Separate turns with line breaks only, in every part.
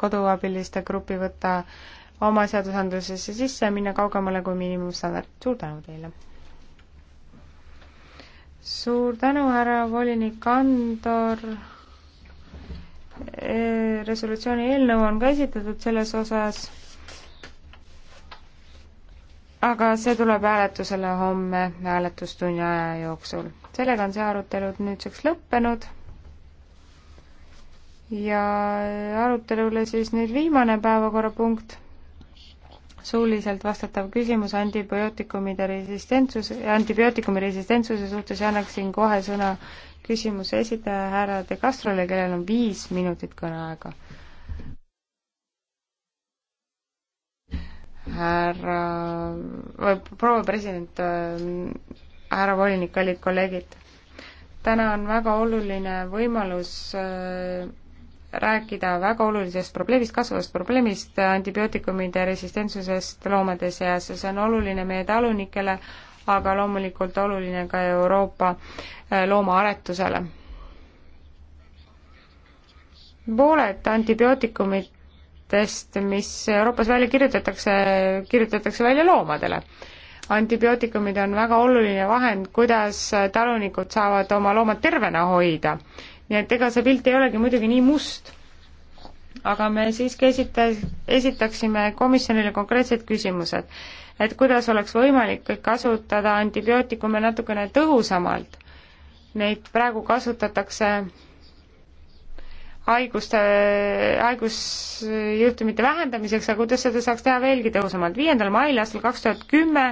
koduabiliste grupi võtta oma seadusandlusesse sisse ja minna kaugemale kui miinimumstandard. suur tänu teile! suur tänu, härra volinik Andor! E, resolutsiooni eelnõu on ka esitatud selles osas, aga see tuleb hääletusele homme hääletustunni aja jooksul. sellega on see arutelu nüüdseks lõppenud ja arutelule siis nüüd viimane päevakorrapunkt, suuliselt vastatav küsimus antibiootikumide resistentsus, antibiootikumi resistentsuse suhtes ja annaksin kohe sõna küsimuse esitaja härra De Castrole, kellel on viis minutit kõneaega. härra, või proua president, härra volinik, kallid kolleegid, täna on väga oluline võimalus äh, rääkida väga olulisest probleemist, kasvavast probleemist, antibiootikumide resistentsusest loomade seas ja see on oluline meie talunikele, aga loomulikult oluline ka Euroopa äh, loomaaretusele. pooled antibiootikumidest, mis Euroopas välja kirjutatakse, kirjutatakse välja loomadele antibiootikumid on väga oluline vahend, kuidas talunikud saavad oma loomad tervena hoida nii et ega see pilt ei olegi muidugi nii must. aga me siiski esita-, esitaksime komisjonile konkreetsed küsimused, et kuidas oleks võimalik kasutada antibiootikume natukene tõhusamalt. Neid praegu kasutatakse haiguste, haigusjuhtumite vähendamiseks, aga kuidas seda saaks teha veelgi tõhusamalt. viiendal mail aastal kaks tuhat kümme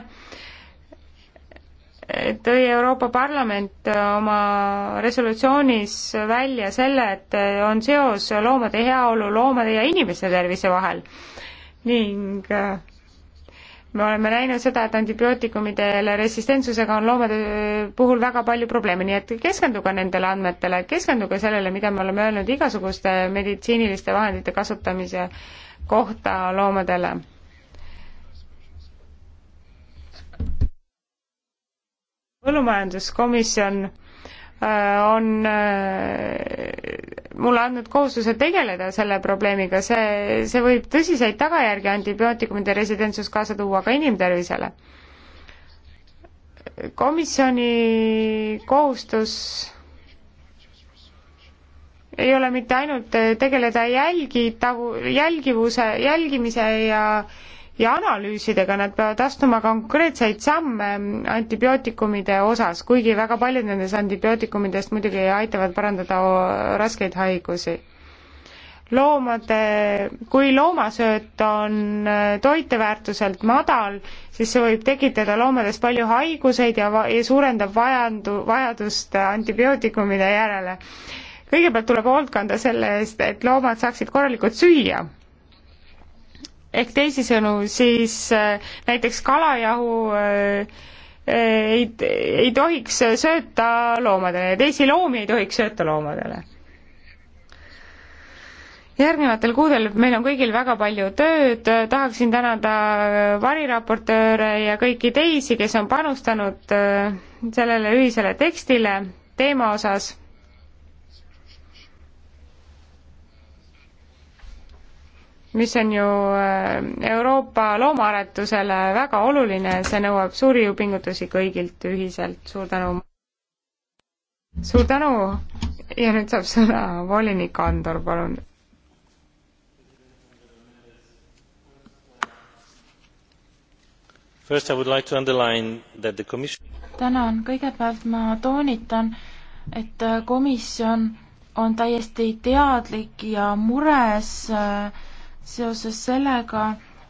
tõi Euroopa Parlament äh, oma resolutsioonis välja selle, et äh, on seos loomade heaolu, loomade ja inimeste tervise vahel ning äh, me oleme näinud seda, et antibiootikumidele resistentsusega on loomade puhul väga palju probleeme, nii et keskenduge nendele andmetele, keskenduge sellele, mida me oleme öelnud igasuguste meditsiiniliste vahendite kasutamise kohta loomadele põllumajanduskomisjon äh, on äh, mulle andnud kohustuse tegeleda selle probleemiga, see, see võib tõsiseid tagajärgi antibiootikumide residentsus kaasa tuua ka inimtervisele. komisjoni kohustus ei ole mitte ainult tegeleda jälgitavu, jälgivuse, jälgimise ja äh, ja analüüsidega, nad peavad astuma konkreetseid samme antibiootikumide osas, kuigi väga paljud nendest antibiootikumidest muidugi aitavad parandada raskeid haigusi. loomade, kui loomasööt on äh, toiteväärtuselt madal, siis see võib tekitada loomades palju haiguseid ja, ja suurendab vajandu, vajadust antibiootikumide järele. kõigepealt tuleb hoolt kanda selle eest, et loomad saaksid korralikult süüa ehk teisisõnu siis äh, näiteks kalajahu äh, äh, ei, ei tohiks sööta loomadele ja teisi loomi ei tohiks sööta loomadele. järgnevatel kuudel meil on kõigil väga palju tööd, tahaksin tänada variraportööre ja kõiki teisi, kes on panustanud sellele ühisele tekstile teema osas mis on ju äh, Euroopa loomaaretusele väga oluline, see nõuab suuri jõupingutusi kõigilt ühiselt, suur tänu! suur tänu ja nüüd saab sõna volinik Andor, palun!
Like commission...
tänan, kõigepealt ma toonitan, et äh, komisjon on täiesti teadlik ja mures äh, seoses sellega,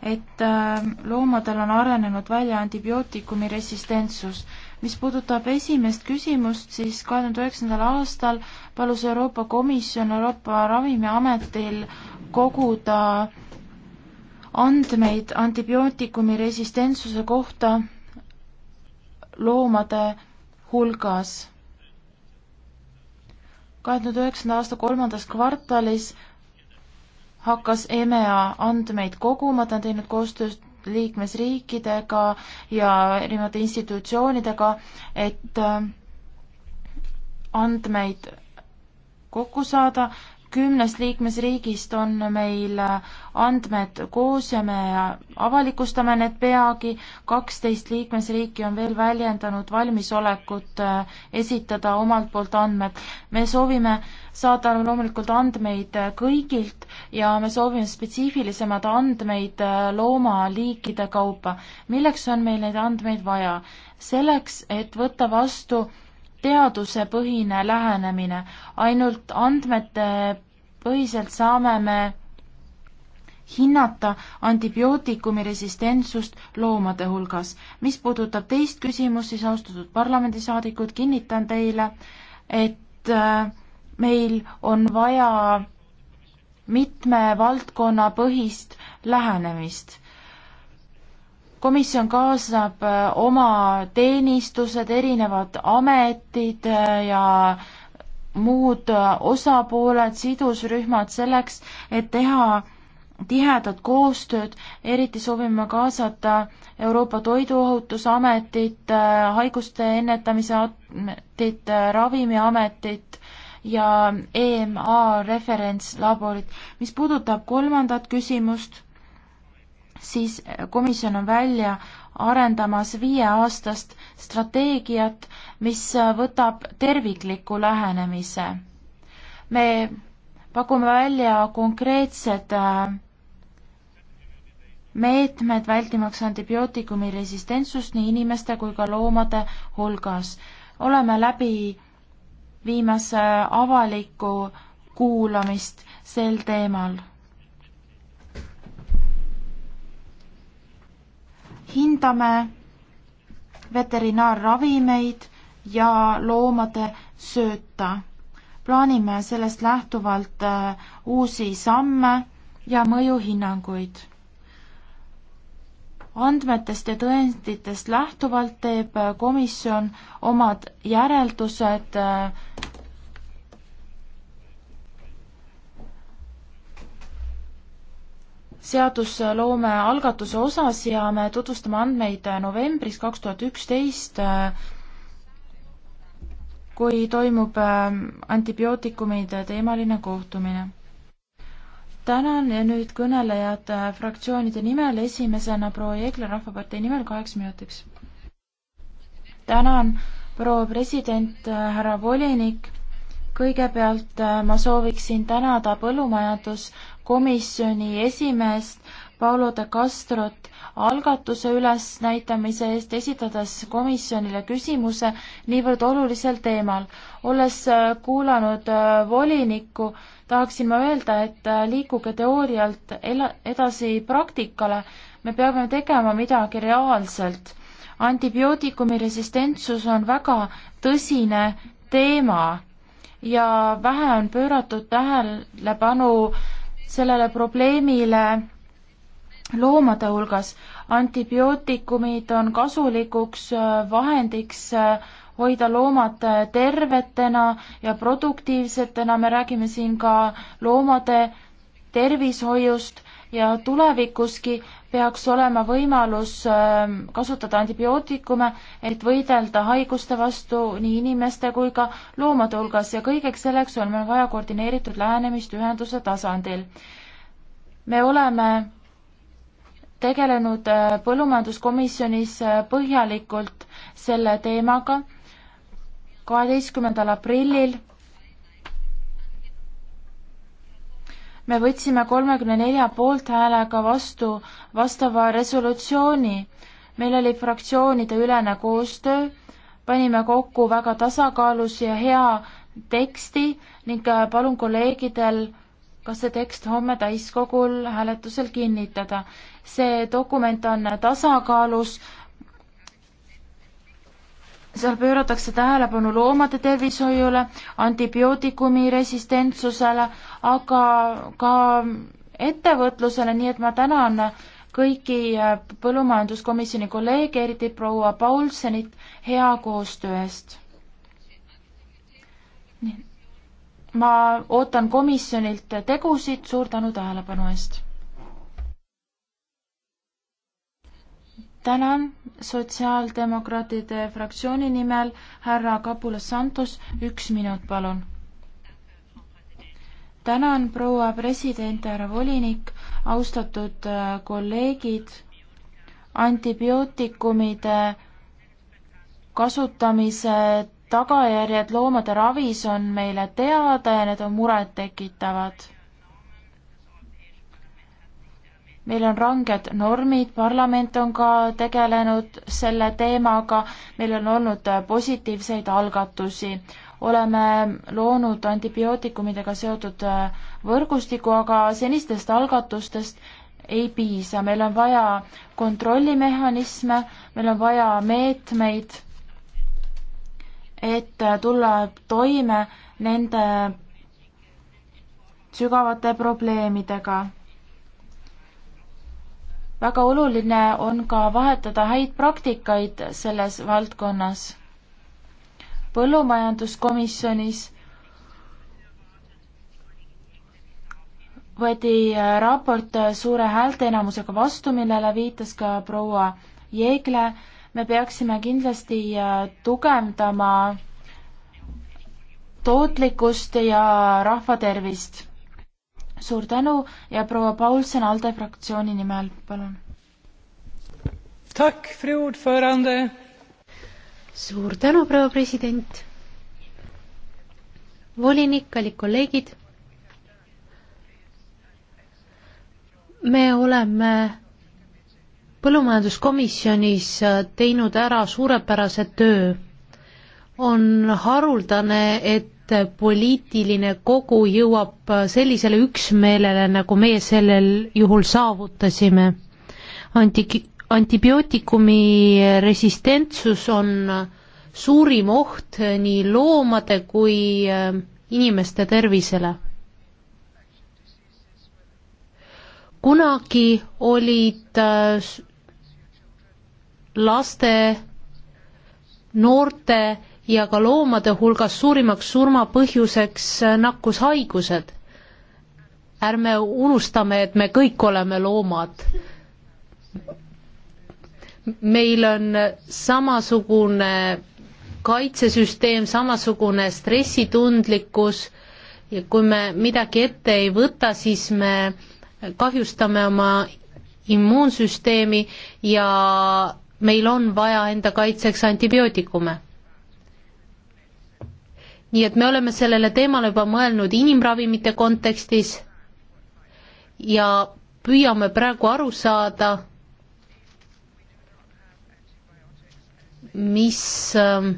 et äh, loomadel on arenenud välja antibiootikumi resistentsus. mis puudutab esimest küsimust, siis kahe tuhande üheksandal aastal palus Euroopa Komisjon Euroopa Ravimiametil koguda andmeid antibiootikumi resistentsuse kohta loomade hulgas. kahe tuhande üheksanda aasta kolmandas kvartalis hakkas EMEA andmeid koguma, ta on teinud koostööd liikmesriikidega ja erinevate institutsioonidega, et äh, andmeid kokku saada kümnest liikmesriigist on meil andmed koos ja me avalikustame need peagi, kaksteist liikmesriiki on veel väljendanud valmisolekut äh, esitada omalt poolt andmed. me soovime saada loomulikult andmeid äh, kõigilt ja me soovime spetsiifilisemad andmeid äh, loomaliikide kaupa. milleks on meil neid andmeid vaja? selleks, et võtta vastu teadusepõhine lähenemine. ainult andmete põhiselt saame me hinnata antibiootikumi resistentsust loomade hulgas. mis puudutab teist küsimust, siis austatud parlamendisaadikud, kinnitan teile, et äh, meil on vaja mitme valdkonna põhist lähenemist. komisjon kaasab äh, oma teenistused, erinevad ametid äh, ja äh, muud äh, osapooled, sidusrühmad selleks, et teha tihedat koostööd, eriti soovime kaasata Euroopa Toiduohutusametit, äh, haiguste ennetamise ametit, äh, Ravimiametit ja EMA referentslaborit. mis puudutab kolmandat küsimust, siis komisjon on välja arendamas viieaastast strateegiat, mis võtab tervikliku lähenemise. me pakume välja konkreetsed äh, meetmed vältimaks antibiootikumi resistentsust nii inimeste kui ka loomade hulgas. oleme läbi viimas äh, avalikku kuulamist sel teemal hindame veterinaarravimeid ja loomade sööta. plaanime sellest lähtuvalt äh, uusi samme ja mõjuhinnanguid. andmetest ja tõenditest lähtuvalt teeb äh, komisjon omad järeldused äh, seadusloome algatuse osas ja me tutvustame andmeid novembris kaks tuhat üksteist, kui toimub äh, antibiootikumide teemaline kohtumine. tänan ja nüüd kõnelejad äh, fraktsioonide nimel, esimesena proua Jegler Rahvapartei nimel kaheks minutiks. tänan, proua president, äh, härra volinik kõigepealt ma sooviksin tänada põllumajandus- komisjoni esimeest Paolo de Castrot algatuse ülesnäitamise eest, esitades komisjonile küsimuse niivõrd olulisel teemal. olles äh, kuulanud äh, volinikku, tahaksin ma öelda, et äh, liikuge teoorialt edasi praktikale, me peame tegema midagi reaalselt. antibiootikumi resistentsus on väga tõsine teema ja vähe on pööratud tähelepanu äh, sellele probleemile loomade hulgas. antibiootikumid on kasulikuks äh, vahendiks äh, hoida loomad äh, tervetena ja produktiivsetena, me räägime siin ka loomade tervishoiust ja tulevikuski peaks olema võimalus ähm, kasutada antibiootikume, et võidelda haiguste vastu nii inimeste kui ka loomade hulgas ja kõigeks selleks on meil vaja koordineeritud lähenemist ühenduse tasandil. me oleme tegelenud äh, põllumajanduskomisjonis äh, põhjalikult selle teemaga kaheteistkümnendal aprillil me võtsime kolmekümne nelja poolthäälega vastu vastava resolutsiooni. meil oli fraktsioonide ülene koostöö, panime kokku väga tasakaalus ja hea teksti ning äh, palun kolleegidel ka see tekst homme täiskogul hääletusel kinnitada. see dokument on tasakaalus seal pööratakse tähelepanu loomade tervishoiule, antibiootikumi resistentsusele, aga ka ettevõtlusele, nii et ma tänan kõiki äh, põllumajanduskomisjoni kolleege, eriti proua Paulsenit, hea koostöö eest. ma ootan komisjonilt tegusid, suur tänu tähelepanu eest tänan sotsiaaldemokraatide fraktsiooni nimel härra Kapulas Santos, üks minut, palun. tänan, proua president, härra volinik, austatud äh, kolleegid, antibiootikumide kasutamise tagajärjed loomade ravis on meile teada ja need on murettekitavad meil on ranged normid, parlament on ka tegelenud selle teemaga, meil on olnud positiivseid algatusi, oleme loonud antibiootikumidega seotud võrgustiku, aga senistest algatustest ei piisa, meil on vaja kontrollimehhanisme, meil on vaja meetmeid, et tulla toime nende sügavate probleemidega väga oluline on ka vahetada häid praktikaid selles valdkonnas. põllumajanduskomisjonis võeti äh, raport äh, suure häälteenamusega vastu, millele viitas ka proua Jeegle. me peaksime kindlasti äh, tugevdama tootlikkust ja rahvatervist suur tänu ja proua Paulsen ALDE fraktsiooni nimel, palun.
suur tänu, proua president. volinik, kallid kolleegid. me oleme põllumajanduskomisjonis teinud ära suurepärase töö. on haruldane, et et poliitiline kogu jõuab sellisele üksmeelele, nagu meie sellel juhul saavutasime. Anti-, antibiootikumi resistentsus on suurim oht nii loomade kui äh, inimeste tervisele. kunagi olid äh, laste, noorte ja ka loomade hulgas suurimaks surmapõhjuseks nakkushaigused. ärme unustame, et me kõik oleme loomad. meil on samasugune kaitsesüsteem, samasugune stressitundlikkus ja kui me midagi ette ei võta, siis me kahjustame oma immuunsüsteemi ja meil on vaja enda kaitseks antibiootikume nii et me oleme sellele teemale juba mõelnud inimravimite kontekstis ja püüame praegu aru saada, mis ähm,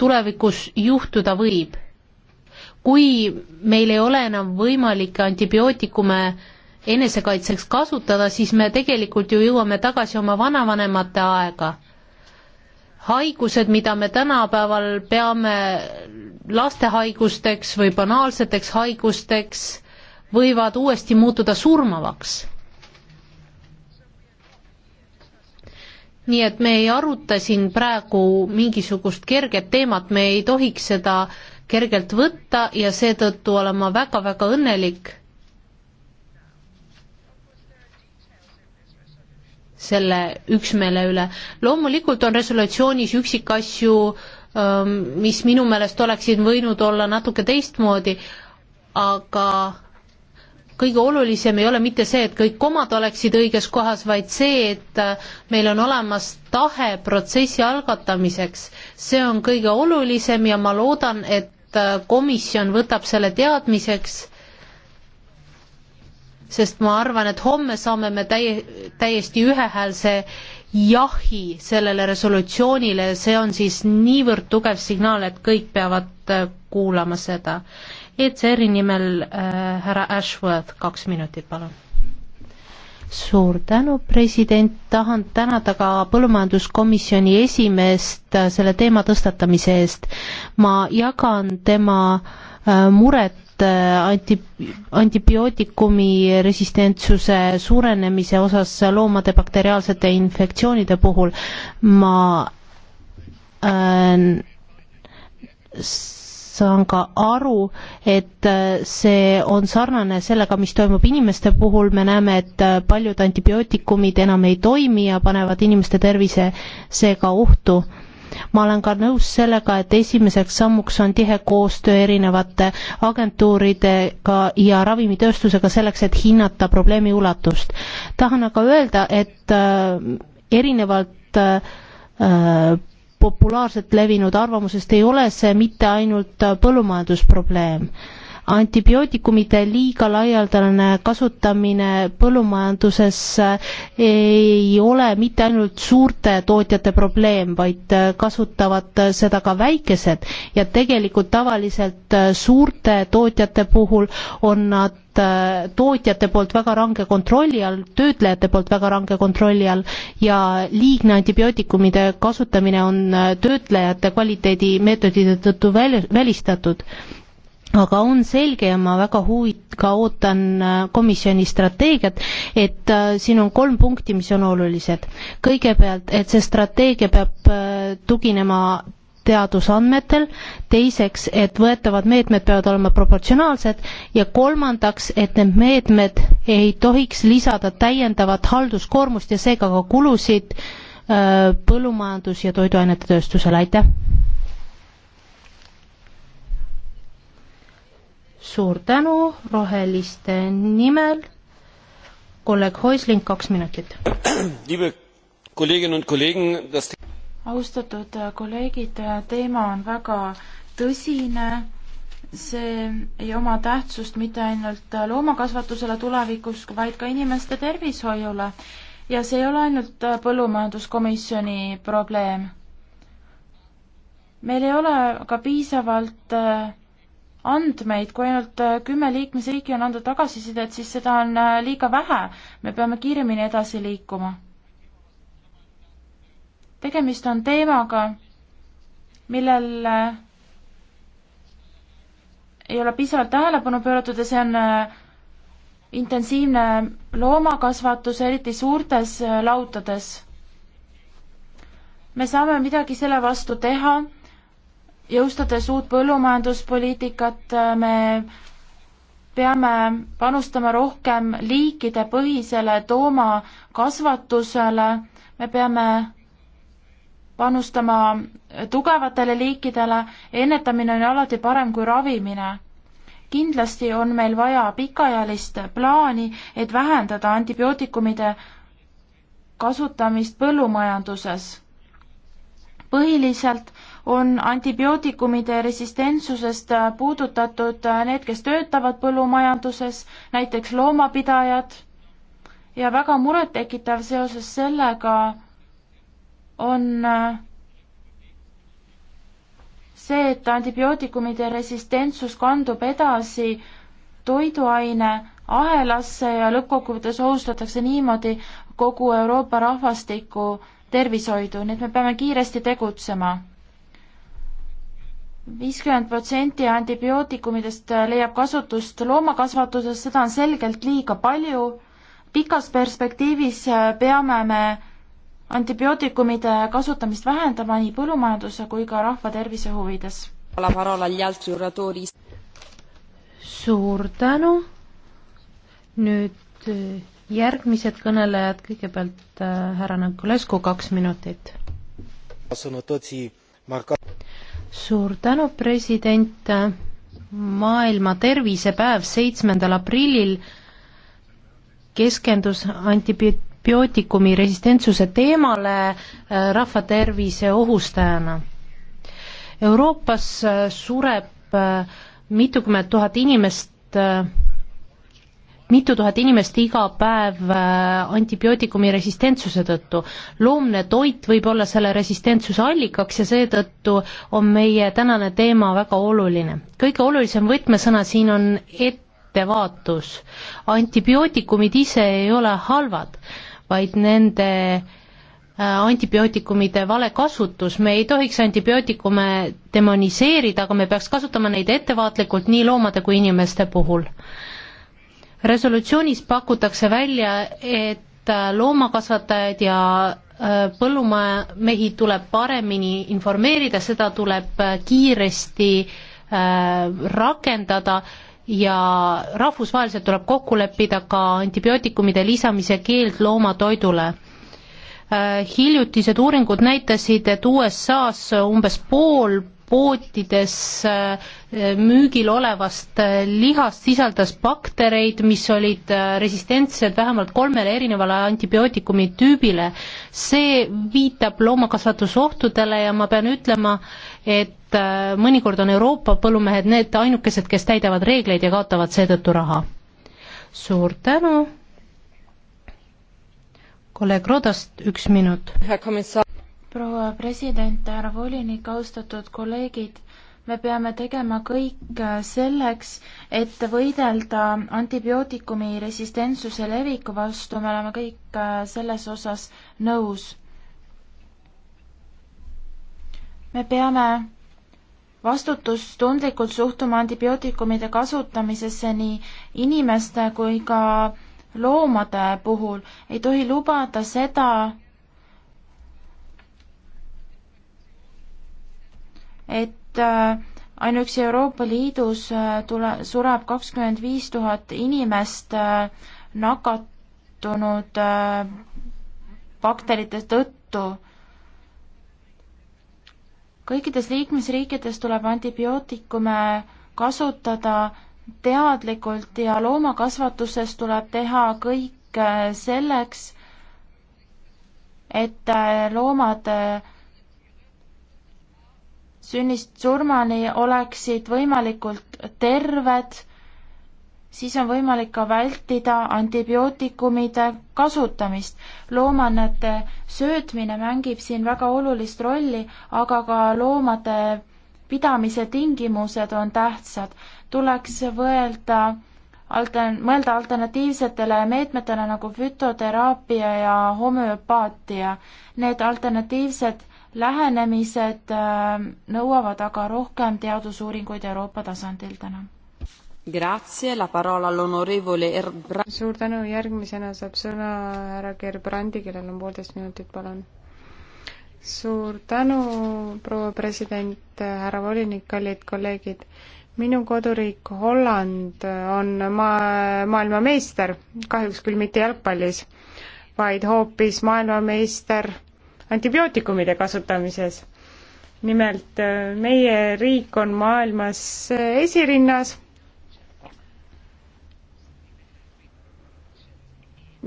tulevikus juhtuda võib. kui meil ei ole enam võimalik antibiootikume enesekaitseks kasutada, siis me tegelikult ju jõuame tagasi oma vanavanemate aega haigused, mida me tänapäeval peame lastehaigusteks või banaalseteks haigusteks, võivad uuesti muutuda surmavaks. nii et me ei aruta siin praegu mingisugust kerget teemat, me ei tohiks seda kergelt võtta ja seetõttu olen ma väga-väga õnnelik selle üksmeele üle. loomulikult on resolutsioonis üksikasju, ähm, mis minu meelest oleksid võinud olla natuke teistmoodi, aga kõige olulisem ei ole mitte see, et kõik komad oleksid õiges kohas, vaid see, et äh, meil on olemas tahe protsessi algatamiseks. see on kõige olulisem ja ma loodan, et äh, komisjon võtab selle teadmiseks sest ma arvan, et homme saame me täie, täiesti ühehäälse jahi sellele resolutsioonile, see on siis niivõrd tugev signaal, et kõik peavad äh, kuulama seda. ECR-i nimel äh, härra Ashworth, kaks minutit, palun. suur tänu, president, tahan tänada ka põllumajanduskomisjoni esimeest äh, selle teema tõstatamise eest. ma jagan tema äh, muret Äh, anti, antibiootikumi resistentsuse suurenemise osas loomade bakteriaalsete infektsioonide puhul ma äh, saan ka aru, et äh, see on sarnane sellega, mis toimub inimeste puhul, me näeme, et äh, paljud antibiootikumid enam ei toimi ja panevad inimeste tervise seega ohtu äh, ma olen ka nõus sellega, et esimeseks sammuks on tihe koostöö erinevate agentuuridega ja ravimitööstusega selleks, et hinnata probleemi ulatust. tahan aga öelda, et äh, erinevalt äh, populaarselt levinud arvamusest ei ole see mitte ainult põllumajandusprobleem antibiootikumide liiga laialdane kasutamine põllumajanduses eh, ei ole mitte ainult suurte tootjate probleem, vaid eh, kasutavad seda ka väikesed ja tegelikult tavaliselt eh, suurte tootjate puhul on nad tootjate poolt väga range kontrolli all, töötlejate poolt väga range kontrolli all ja liigne antibiootikumide kasutamine on töötlejate kvaliteedimeetodite tõttu väl-, välistatud aga on selge ja ma väga huvit-, ka ootan äh, komisjoni strateegiat, et äh, siin on kolm punkti, mis on olulised. kõigepealt, et see strateegia peab äh, tuginema teadusandmetel, teiseks, et võetavad meetmed peavad olema proportsionaalsed ja kolmandaks, et need meetmed ei tohiks lisada täiendavat halduskoormust ja seega ka kulusid põllumajandus- ja toiduainetetööstusele, aitäh! suur tänu roheliste nimel. kolleeg Häusling, kaks minutit.
austatud kolleegid, teema on väga tõsine see ei oma tähtsust mitte ainult loomakasvatusele tulevikus, vaid ka inimeste tervishoiule. ja see ei ole ainult põllumajanduskomisjoni probleem. meil ei ole ka piisavalt äh, andmeid, kui ainult äh, kümme liikmesriiki on andnud tagasisidet, siis seda on äh, liiga vähe. me peame kiiremini edasi liikuma. tegemist on teemaga, millel äh, ei ole piisavalt tähelepanu pööratud ja see on intensiivne loomakasvatus, eriti suurtes lautades. me saame midagi selle vastu teha jõustades uut põllumajanduspoliitikat, äh, me peame panustama rohkem liikidepõhisele toomakasvatusele, me peame panustama tugevatele liikidele, ennetamine on alati parem kui ravimine. kindlasti on meil vaja pikaajalist plaani, et vähendada antibiootikumide kasutamist põllumajanduses. põhiliselt on antibiootikumide resistentsusest puudutatud need, kes töötavad põllumajanduses, näiteks loomapidajad ja väga murettekitav seoses sellega on äh, see, et antibiootikumide resistentsus kandub edasi toiduaine ahelasse ja lõppkokkuvõttes ohustatakse niimoodi kogu Euroopa rahvastiku tervishoidu, nii et me peame kiiresti tegutsema viiskümmend protsenti antibiootikumidest äh, leiab kasutust loomakasvatuses, seda on selgelt liiga palju. pikas perspektiivis äh, peame me antibiootikumide kasutamist vähendama nii põllumajanduse kui ka rahva tervise huvides.
suur tänu. nüüd äh, järgmised kõnelejad, kõigepealt härra Nõnkulescu, kaks minutit. sõnatotsi marka- suur tänu, president. maailma tervisepäev seitsmendal aprillil keskendus antibiootikumi resistentsuse teemale äh, rahvatervise ohustajana. Euroopas äh, sureb äh, mitukümmend tuhat inimest mitu tuhat inimest iga päev äh, antibiootikumi resistentsuse tõttu. loomne toit võib olla selle resistentsuse allikaks ja seetõttu on meie tänane teema väga oluline. kõige olulisem võtmesõna siin on ettevaatus. antibiootikumid ise ei ole halvad, vaid nende äh, antibiootikumide vale kasutus, me ei tohiks antibiootikume demoniseerida, aga me peaks kasutama neid ettevaatlikult nii loomade kui inimeste puhul resolutsioonis pakutakse välja, et äh, loomakasvatajad ja äh, põllumehi tuleb paremini informeerida, seda tuleb äh, kiiresti rakendada ja rahvusvaheliselt tuleb kokku leppida ka antibiootikumide lisamise keeld loomatoidule. hiljutised uuringud näitasid, et USA-s umbes pool poodides äh, müügil olevast äh, lihast sisaldas baktereid, mis olid äh, resistentsed vähemalt kolmele erinevale antibiootikumi tüübile. see viitab loomakasvatusohtudele ja ma pean ütlema, et mõnikord on Euroopa põllumehed need ainukesed, kes täidavad reegleid ja kaotavad seetõttu raha. suur tänu. kolleeg Rodast üks minut. härra komissar proua
president, härra volinik, austatud kolleegid, me peame tegema kõik selleks, et võidelda antibiootikumi resistentsuse leviku vastu, me oleme kõik selles osas nõus. me peame vastutustundlikult suhtuma antibiootikumide kasutamisesse nii inimeste kui ka loomade puhul, ei tohi lubada seda, et äh, ainuüksi Euroopa Liidus äh, tule, sureb kakskümmend viis tuhat inimest äh, nakatunud bakterite tõttu. kõikides liikmesriikides tuleb antibiootikume kasutada teadlikult ja loomakasvatuses tuleb teha kõik selleks, et loomad sünnist surmani oleksid võimalikult terved, siis on võimalik ka vältida antibiootikumide kasutamist. loomannete söötmine mängib siin väga olulist rolli, aga ka loomade pidamise tingimused on tähtsad. tuleks võelda altern-, mõelda alternatiivsetele meetmetele nagu fütoteraapia ja homöopaatia. Need alternatiivsed lähenemised äh, nõuavad aga rohkem teadusuuringuid Euroopa tasandil täna.
Grazie, la parola all'onorevole Erbra-. suur tänu, järgmisena saab sõna härra Gerbrandi, kellel on poolteist minutit, palun. suur tänu, proua president, härra volinik, kallid kolleegid minu koduriik Holland on ma-, maailmameister, kahjuks küll mitte jalgpallis, vaid hoopis maailmameister antibiootikumide kasutamises. nimelt äh, meie riik on maailmas äh, esirinnas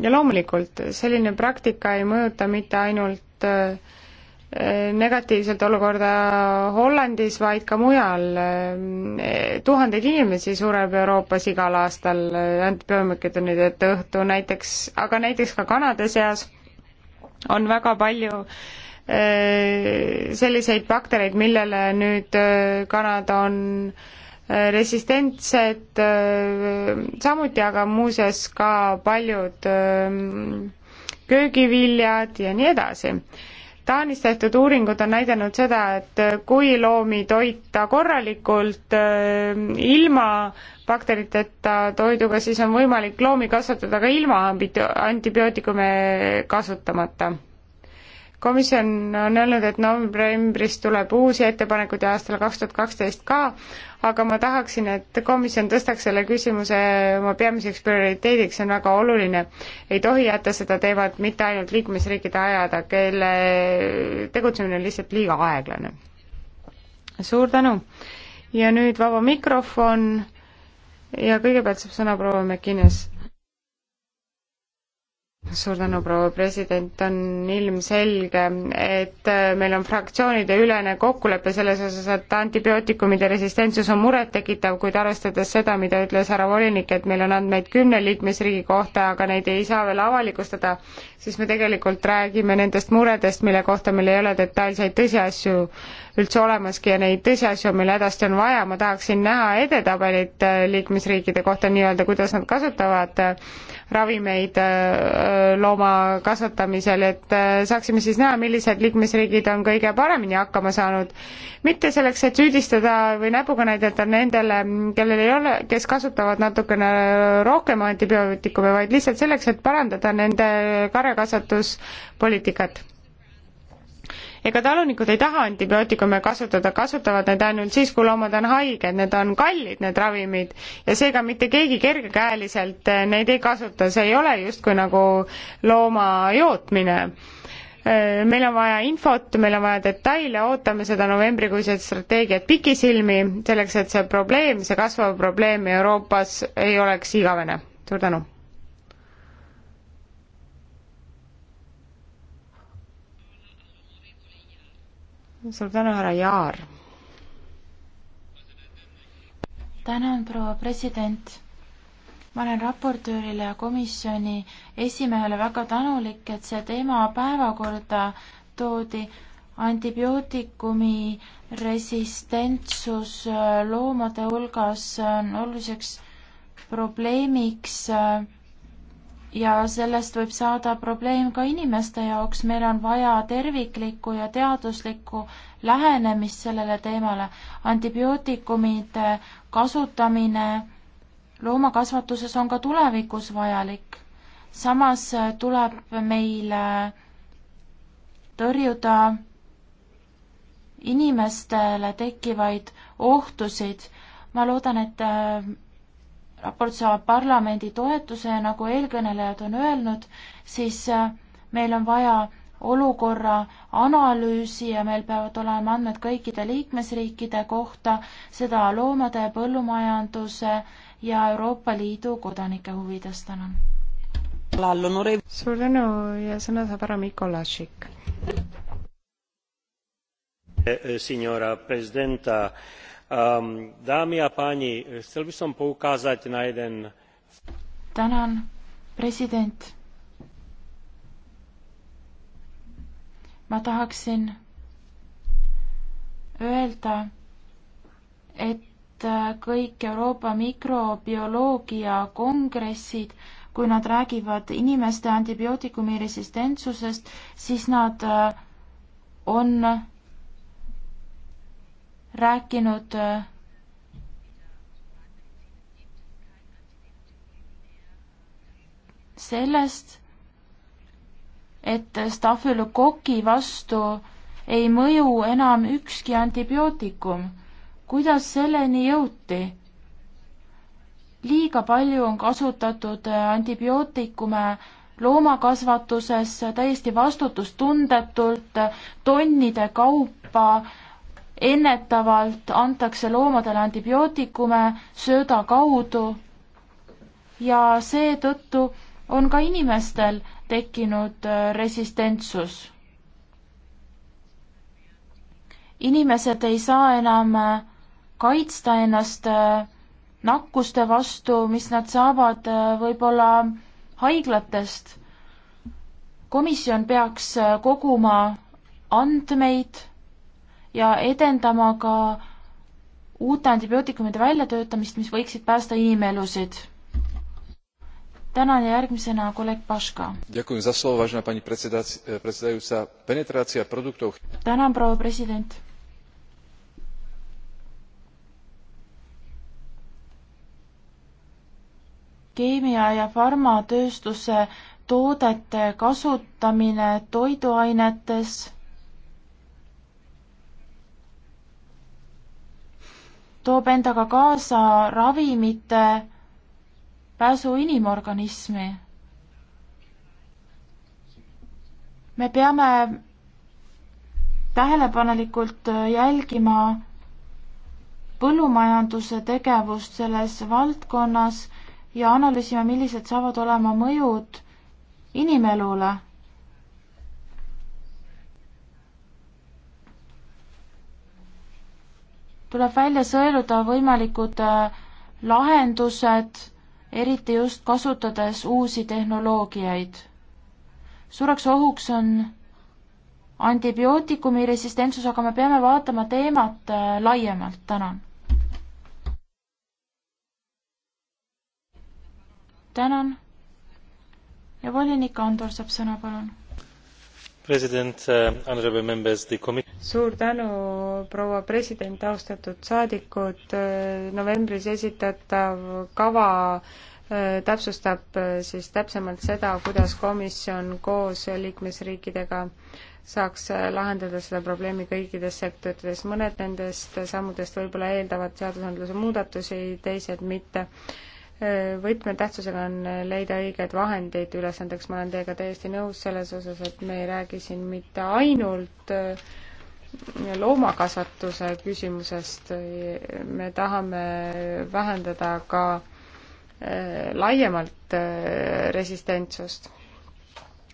ja loomulikult, selline praktika ei mõjuta mitte ainult äh, negatiivselt olukorda Hollandis, vaid ka mujal. tuhandeid inimesi sureb Euroopas igal aastal antibioomikatõnnide tõttu näiteks, aga näiteks ka kanade seas on väga palju äh, selliseid baktereid, millele nüüd äh, Kanada on äh, resistentsed, samuti aga muuseas ka paljud ähm, köögiviljad ja nii edasi. Taanis tehtud uuringud on näidanud seda, et kui loomi toita korralikult ilma äh, bakteriteta toiduga, siis on võimalik loomi kasvatada ka ilma antibiootikume kasutamata. komisjon on öelnud, et novembris tuleb uusi ettepanekuid ja aastal kaks tuhat kaksteist ka, aga ma tahaksin, et komisjon tõstaks selle küsimuse oma peamiseks prioriteediks, see on väga oluline. ei tohi jätta seda teemat mitte ainult liikmesriikide ajada, kelle tegutsemine on lihtsalt liiga aeglane. suur tänu! ja nüüd vaba mikrofon ja kõigepealt saab sõna proua McInnes suur tänu, proua president, on ilmselge, et äh, meil on fraktsioonide ülene kokkulepe selles osas, et antibiootikumide resistentsus on murettekitav, kuid arvestades seda, mida ütles härra volinik, et meil on andmeid kümne liikmesriigi kohta, aga neid ei saa veel avalikustada, siis me tegelikult räägime nendest muredest, mille kohta meil ei ole detailseid tõsiasju üldse olemaski ja neid tõsiasju, mille hädasti on vaja, ma tahaksin näha edetabelit äh, liikmesriikide kohta nii-öelda, kuidas nad kasutavad äh, ravimeid äh, looma kasvatamisel, et äh, saaksime siis näha, millised liikmesriigid on kõige paremini hakkama saanud. mitte selleks, et süüdistada või näpuga näidata nendele, kellel ei ole, kes kasutavad natukene rohkem antibiootikume, vaid lihtsalt selleks, et parandada nende karjakasvatuspoliitikat ega talunikud ei taha antibiootikume kasutada, kasutavad need ainult siis, kui loomad on haiged, need on kallid, need ravimid, ja seega mitte keegi kergekäeliselt eh, neid ei kasuta, see ei ole justkui nagu looma jootmine eh, meil on vaja infot, meil on vaja detaile, ootame seda novembrikuiset strateegiat pikisilmi, selleks et see probleem, see kasvav probleem Euroopas ei oleks igavene. suur tänu! suur tänu, härra Jaar. tänan,
proua president. ma olen raportöörile ja komisjoni esimehele väga tänulik, et see teema päevakorda toodi. antibiootikumi resistentsus loomade hulgas on oluliseks probleemiks äh, ja sellest võib saada probleem ka inimeste jaoks, meil on vaja terviklikku ja teaduslikku lähenemist sellele teemale. antibiootikumide kasutamine loomakasvatuses on ka tulevikus vajalik. samas tuleb meil äh, tõrjuda inimestele tekkivaid ohtusid. ma loodan, et äh, raport saab parlamendi toetuse ja nagu eelkõnelejad on öelnud, siis äh, meil on vaja olukorra analüüsi ja meil peavad olema andmed kõikide liikmesriikide kohta, seda loomade, põllumajanduse ja Euroopa Liidu kodanike huvides, tänan.
suur tänu ja sõna saab ära Mikko Lašik. Eh, eh, signora presidenta Um, dámy a páni, chcel by som poukázať na jeden...
Tänan, president. Ma tahaksin öelda, et äh, kõik Euroopa mikrobioloogia kongressid, kui nad räägivad inimeste antibiootikumi resistentsusest, siis nad äh, on rääkinud sellest, et stafülokoki vastu ei mõju enam ükski antibiootikum. kuidas selleni jõuti? liiga palju on kasutatud antibiootikume loomakasvatuses täiesti vastutustundetult, tonnide kaupa ennetavalt antakse loomadele antibiootikume sööda kaudu ja seetõttu on ka inimestel tekkinud äh, resistentsus. inimesed ei saa enam äh, kaitsta ennast äh, nakkuste vastu, mis nad saavad võib-olla haiglatest. komisjon peaks koguma andmeid ja edendama ka uute antibiootikumide väljatöötamist, mis võiksid päästa inimelusid. tänan ja järgmisena kolleeg Paška. Eh, tänan, proua president. keemia ja farmatööstuse toodete kasutamine toiduainetes toob endaga kaasa ravimite pääsu inimorganismi. me peame tähelepanelikult jälgima põllumajanduse tegevust selles valdkonnas ja analüüsima, millised saavad olema mõjud inimelule tuleb välja sõeluda võimalikud äh, lahendused, eriti just kasutades uusi tehnoloogiaid. suureks ohuks on antibiootikumi resistentsus, aga me peame vaatama teemat äh, laiemalt, tänan. tänan. ja volinik
Andor saab sõna, palun
Uh,
suur tänu proua president austatud saadikud uh, novembris esitatav kava uh, täpsustab siis täpsemalt seda kuidas komisjon koos liikmesriikidega saaks lahendada seda probleemi kõikides sektorites mõned nendest sammudest võibolla eeldavad seadusandluse muudatusi teised mitte võtmetähtsusega on leida õiged vahendid ülesandeks, ma olen teiega täiesti nõus selles osas, et me ei räägi siin mitte ainult äh, loomakasvatuse küsimusest, me tahame vähendada ka äh, laiemalt äh, resistentsust.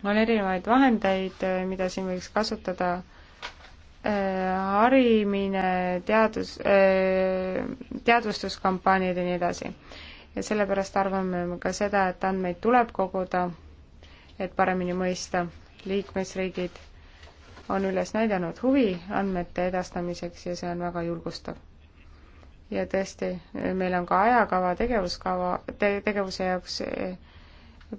on erinevaid vahendeid, mida siin võiks kasutada harimine, teadus, teadvustuskampaaniad ja nii edasi ja sellepärast arvame ka seda, et andmeid tuleb koguda, et paremini mõista. liikmesriigid on üles näidanud huvi andmete edastamiseks ja see on väga julgustav. ja tõesti, meil on ka ajakava, tegevuskava te,, tegevuse jaoks eh,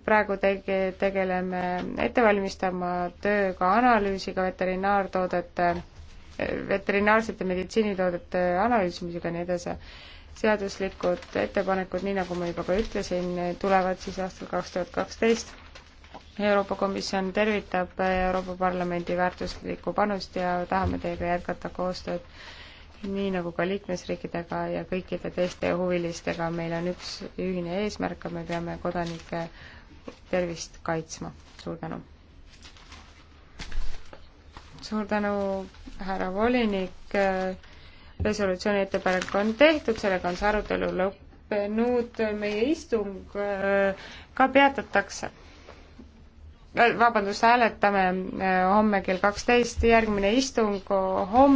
praegu tege-, tegeleme ettevalmistama tööga, analüüsiga, veterinaartoodete, eh, veterinaarsete meditsiinitoodete analüüsimisega ja nii edasi seaduslikud ettepanekud, nii nagu ma juba ka ütlesin, tulevad siis aastal kaks tuhat kaksteist. Euroopa Komisjon tervitab Euroopa Parlamendi väärtuslikku panust ja tahame teiega jätkata koostööd nii nagu ka liikmesriikidega ja kõikide teiste huvilistega, meil on üks ühine eesmärk, me peame kodanike tervist kaitsma. suur tänu! suur tänu, härra volinik! resolutsiooni ettepanek on tehtud, sellega on see arutelu lõppenud, meie istung äh, ka peatatakse. Äh, vabandust, hääletame äh, homme kell kaksteist, järgmine istung homme.